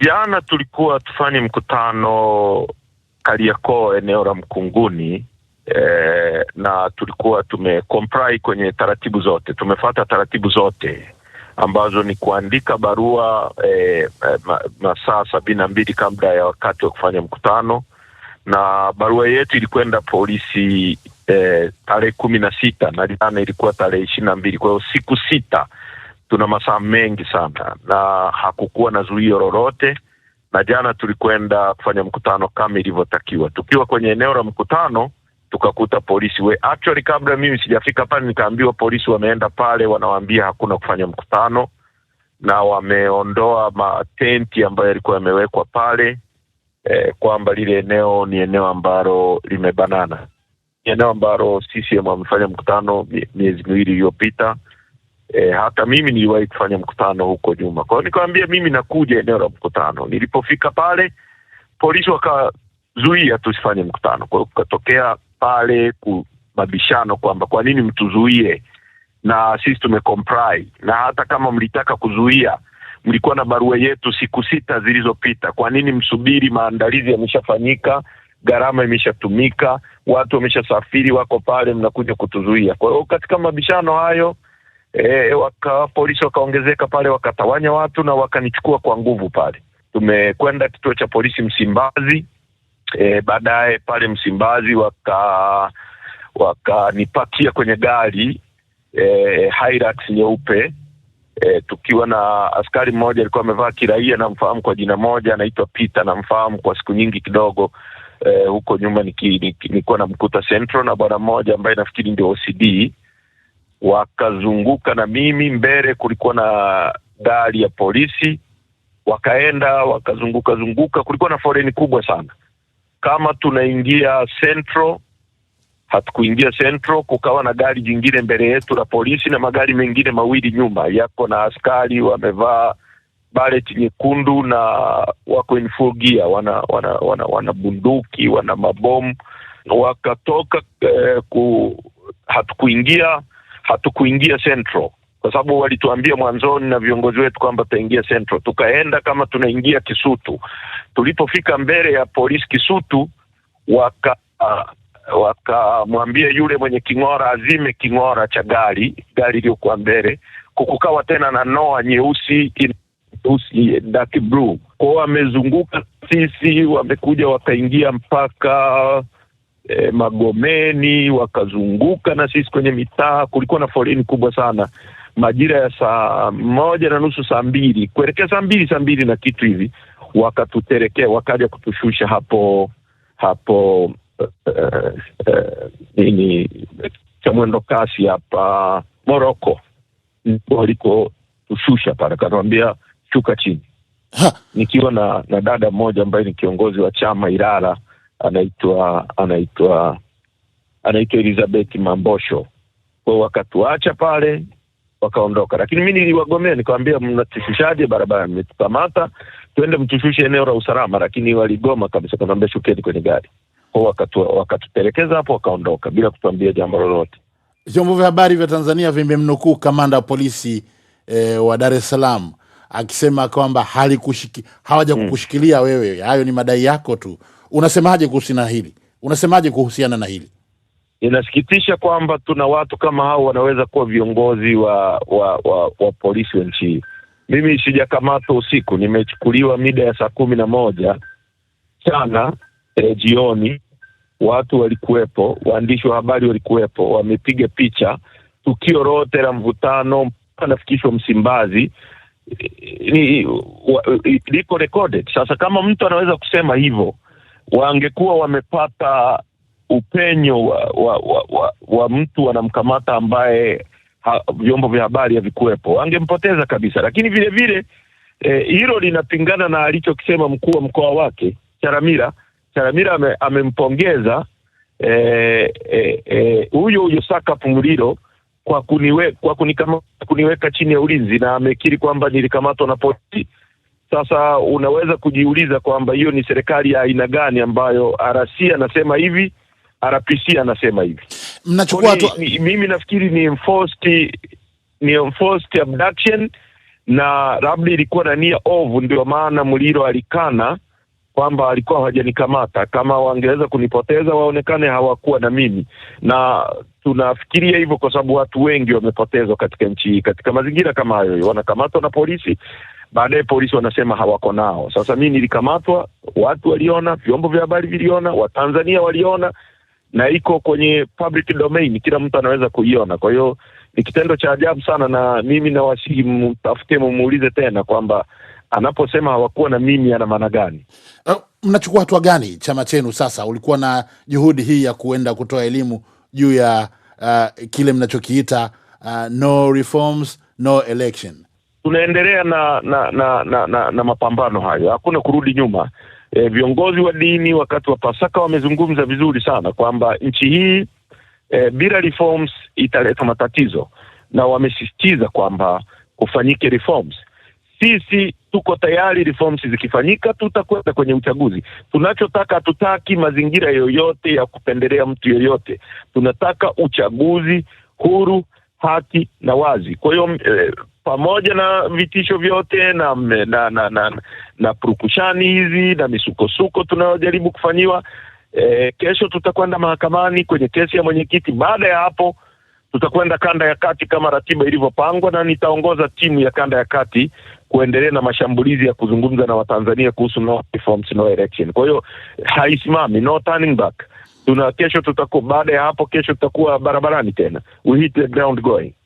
Jana tulikuwa tufanye mkutano Kariakoo, eneo la Mkunguni eh, na tulikuwa tumecomply kwenye taratibu zote, tumefata taratibu zote ambazo ni kuandika barua eh, masaa sabini na mbili kabla ya wakati wa kufanya mkutano, na barua yetu ilikwenda polisi eh, tarehe kumi na sita na jana ilikuwa tarehe ishirini na mbili kwa hiyo siku sita tuna masaa mengi sana na hakukuwa na zuio lolote, na jana tulikwenda kufanya mkutano kama ilivyotakiwa. Tukiwa kwenye eneo la mkutano tukakuta polisi we, actually kabla mimi sijafika pale nikaambiwa polisi wameenda pale, wanawambia hakuna kufanya mkutano na wameondoa matenti ambayo yalikuwa yamewekwa pale eh, kwamba lile eneo ni eneo ambalo limebanana, ni eneo ambalo CCM wamefanya mkutano miezi miwili iliyopita E, hata mimi niliwahi kufanya mkutano huko nyuma. Kwa hiyo mimi nakuja eneo la mkutano. Nilipofika pale, polisi wakazuia tusifanye mkutano. Kwa hiyo kukatokea pale mabishano kwamba kwa nini mtuzuie, na sisi tumecomply, na hata kama mlitaka kuzuia mlikuwa na barua yetu siku sita zilizopita. Kwa nini msubiri? Maandalizi yameshafanyika, gharama imeshatumika, watu wameshasafiri, wako pale, mnakuja kutuzuia. Kwa hiyo katika mabishano hayo e, waka polisi wakaongezeka pale, wakatawanya watu na wakanichukua kwa nguvu pale. Tumekwenda kituo cha polisi Msimbazi e, baadaye pale Msimbazi waka wakanipakia kwenye gari e, Hilux nyeupe e, tukiwa na askari mmoja alikuwa amevaa kiraia, namfahamu kwa jina moja, anaitwa Peter, namfahamu kwa siku nyingi kidogo e, huko nyuma nilikuwa namkuta Central na bwana mmoja ambaye nafikiri ndio OCD wakazunguka na mimi mbele, kulikuwa na gari ya polisi, wakaenda wakazunguka zunguka, kulikuwa na foreni kubwa sana. Kama tunaingia Central, hatukuingia Central, kukawa na gari jingine mbele yetu la polisi na magari mengine mawili nyuma yako na askari wamevaa bareti nyekundu na wako in full gear, wana wana wana, wana bunduki wana mabomu wakatoka eh, ku hatukuingia hatukuingia central kwa sababu walituambia mwanzoni na viongozi wetu kwamba tutaingia central. Tukaenda kama tunaingia Kisutu. Tulipofika mbele ya polisi Kisutu, waka uh, wakamwambia yule mwenye king'ora azime king'ora cha gari, gari iliyokuwa mbele. Kukukawa tena na noa nyeusi nyeusi, dark blue kwao, wamezunguka sisi, wamekuja wakaingia mpaka eh, Magomeni, wakazunguka na sisi kwenye mitaa. Kulikuwa na foleni kubwa sana majira ya saa moja na nusu saa mbili kuelekea saa mbili saa mbili na kitu hivi, wakatuterekea wakaja kutushusha hapo hapo eh, eh, nini uh, uh, uh, cha mwendo kasi hapa Moroko, waliko tushusha pale, akatuambia shuka chini, nikiwa na, na dada mmoja ambaye ni kiongozi wa chama Ilala anaitwa anaitwa anaitwa Elizabeth Mambosho. Kwa wakatuacha pale wakaondoka, lakini mi niliwagomea nikawambia, mnatushushaje barabara? Mmetukamata, twende mtushushe eneo la usalama, lakini waligoma kabisa, kaniambia shukeni kwenye gari kwao, wakatutelekeza hapo, wakaondoka bila kutuambia jambo lolote. Vyombo vya habari vya Tanzania vimemnukuu kamanda wa polisi e, wa Dar es Salaam akisema kwamba halikushiki hawaja kukushikilia hmm. wewe, hayo ni madai yako tu. Unasemaje kuhusiana na hili? Unasemaje kuhusiana na hili? Inasikitisha kwamba tuna watu kama hao wanaweza kuwa viongozi wa wa, wa, wa polisi wa nchi hii. Mimi sijakamatwa usiku, nimechukuliwa mida ya saa kumi na moja sana eh, jioni. Watu walikuwepo, waandishi wa habari walikuwepo, wamepiga picha tukio lote la mvutano mpaka nafikishwa Msimbazi eh, eh, liko recorded. Sasa kama mtu anaweza kusema hivyo wangekuwa wamepata upenyo wa, wa, wa, wa, wa mtu anamkamata ambaye ha, vyombo vya habari havikuwepo wangempoteza kabisa. Lakini vile vile eh, hilo eh, linapingana na alichokisema mkuu wa mkoa wake Charamira. Charamira ame, amempongeza huyo eh, eh, eh, huyo Sakapu kwa kuniwe, kwa kunikama, kuniweka chini ya ulinzi na amekiri kwamba nilikamatwa na polisi sasa unaweza kujiuliza kwamba hiyo ni serikali ya aina gani ambayo RC anasema hivi, RPC anasema hivi. Mnachukua tu... mimi nafikiri ni enforced, ni enforced abduction na labda ilikuwa na nia ovu, ndio maana Muliro alikana kwamba alikuwa hawajanikamata. Kama wangeweza kunipoteza, waonekane hawakuwa na mimi, na tunafikiria hivyo kwa sababu watu wengi wamepotezwa katika nchi hii katika mazingira kama hayo, wanakamatwa na polisi Baadaye polisi wanasema hawako nao. Sasa mi nilikamatwa, watu waliona, vyombo vya habari viliona, Watanzania waliona, na iko kwenye public domain, kila mtu anaweza kuiona. Kwa hiyo ni kitendo cha ajabu sana, na mimi nawasihi mtafute, mumuulize tena kwamba anaposema hawakuwa na mimi ana maana gani? Mnachukua hatua gani chama chenu? Sasa ulikuwa na juhudi hii ya kuenda kutoa elimu juu ya uh, kile mnachokiita uh, no reforms no election tunaendelea na na na, na, na, na mapambano hayo, hakuna kurudi nyuma. E, viongozi wa dini wakati wa Pasaka wamezungumza vizuri sana kwamba nchi hii e, bila reforms italeta matatizo, na wamesisitiza kwamba kufanyike reforms. Sisi tuko tayari, reforms zikifanyika tutakwenda kwenye uchaguzi. Tunachotaka, hatutaki mazingira yoyote ya kupendelea mtu yoyote. Tunataka uchaguzi huru, haki na wazi. Kwa hiyo e, pamoja na vitisho vyote na na na, na, na na purukushani hizi na misukosuko tunayojaribu kufanyiwa e, kesho tutakwenda mahakamani kwenye kesi ya mwenyekiti. Baada ya hapo tutakwenda kanda ya kati kama ratiba ilivyopangwa, na nitaongoza timu ya kanda ya kati kuendelea na mashambulizi ya kuzungumza na Watanzania kuhusu no reforms no election. Kwa hiyo haisimami, no turning back. Tuna kesho tutakuwa, baada ya hapo kesho tutakuwa barabarani tena, we hit the ground going.